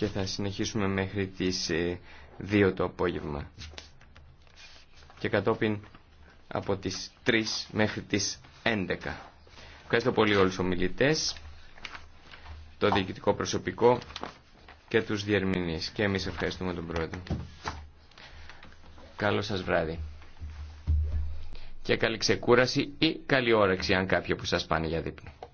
και θα συνεχίσουμε μέχρι τις 2 ε, το απόγευμα. Και κατόπιν από τις 3 μέχρι τις 11. Ευχαριστώ πολύ όλους τους ομιλητές, το διοικητικό προσωπικό και τους διερμηνείς. Και εμείς ευχαριστούμε τον Πρόεδρο. Καλό σας βράδυ. Και καλή ξεκούραση ή καλή όρεξη αν κάποιοι που σας πάνε για δείπνο.